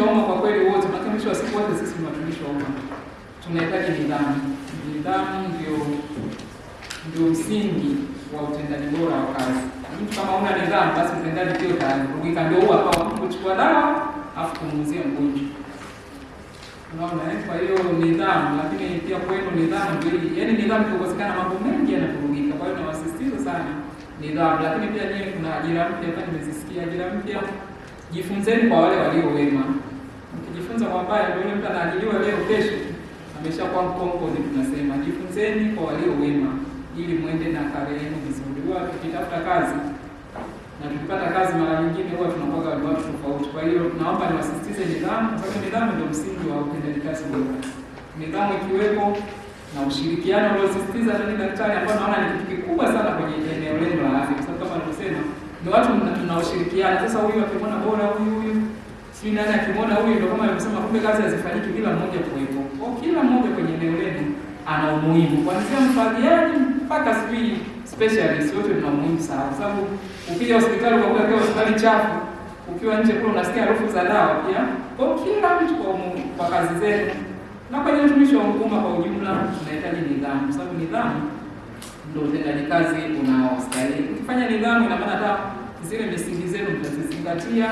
watumishi wa umma kwa kweli wote, maana mwisho wa siku wote sisi ni watumishi wa umma, tunahitaji nidhamu. Nidhamu ndio ndio msingi wa utendaji bora wa kazi. Mtu kama una nidhamu, basi utendaji pia utarugika. Ndio huwa kwa kuchukua dawa afu kumuuzia mgonjwa, unaona. eh? Kwa hiyo nidhamu, lakini pia kwenu nidhamu ndio, yaani nidhamu ikikosekana mambo mengi yanavurugika. Kwa hiyo nawasisitiza sana nidhamu, lakini pia nyinyi kuna ajira mpya, hata nimezisikia ajira mpya. Jifunzeni kwa wale walio wema mambo ndio mtu anaajiliwa leo, kesho ameshakuwa Ni Tunasema jifunzeni kwa walio wema, ili mwende na karia yenu vizuri. Huwa tukitafuta kazi na tukipata kazi, mara nyingine huwa tunapanga watu tofauti. Kwa hiyo naomba niwasisitize nidhamu, kwa sababu nidhamu ndio msingi wa utendaji kazi bora. Nidhamu ikiwepo na ushirikiano uliosisitiza ndani daktari, ambao naona ni kitu kikubwa sana kwenye eneo lenu la afya, kwa sababu kama nilivyosema, ni watu tunaoshirikiana. Sasa huyu akimwona bora huyu huyu Sijui nani akimwona huyu ndio kama amesema kumbe kazi hazifanyiki bila mmoja kuwepo. Kwa kila mmoja kwenye eneo lenu ana umuhimu. Kuanzia mfagiaji mpaka sijui specialist wote tuna umuhimu sana. Kwa sababu ukija hospitali kwa kuwa hospitali chafu, ukiwa nje kule unasikia harufu za dawa pia. Kwa kila mtu kwa umuhimu kwa kazi zenu. Na kwenye utumishi wa umma kwa ujumla tunahitaji nidhamu. Kwa sababu nidhamu ndio utendaji kazi unaostahili. Ukifanya nidhamu ina maana hata zile misingi zenu mtazizingatia